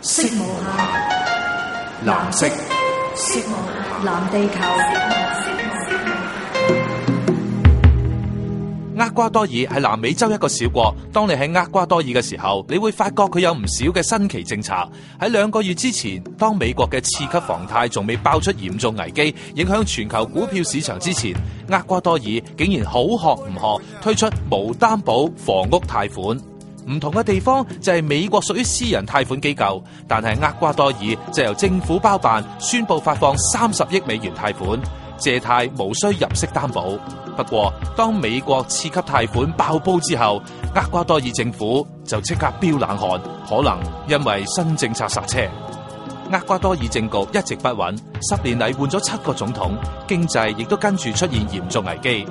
色無暇，藍色。色無藍，藍地球。厄瓜多爾係南美洲一個小國。當你喺厄瓜多爾嘅時候，你會發覺佢有唔少嘅新奇政策。喺兩個月之前，當美國嘅次級房貸仲未爆出嚴重危機，影響全球股票市場之前，厄瓜多爾竟然好學唔學，推出無擔保房屋貸款。唔同嘅地方就係美國屬於私人貸款機構，但係厄瓜多爾就由政府包辦，宣布發放三十億美元貸款，借貸無需入息擔保。不過當美國次級貸款爆煲之後，厄瓜多爾政府就即刻飆冷汗，可能因為新政策剎車。厄瓜多爾政局一直不穩，十年嚟換咗七個總統，經濟亦都跟住出現嚴重危機。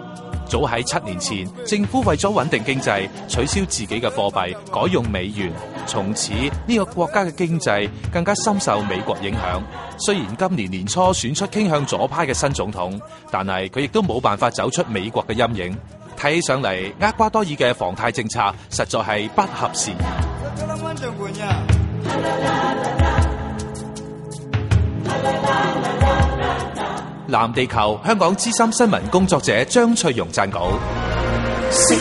早喺七年前，政府為咗穩定經濟，取消自己嘅貨幣，改用美元。從此呢個國家嘅經濟更加深受美國影響。雖然今年年初選出傾向左派嘅新總統，但係佢亦都冇辦法走出美國嘅陰影。睇起上嚟，厄瓜多爾嘅房貸政策實在係不合時宜。 藍地球，香港資深新聞工作者張翠容撰稿。食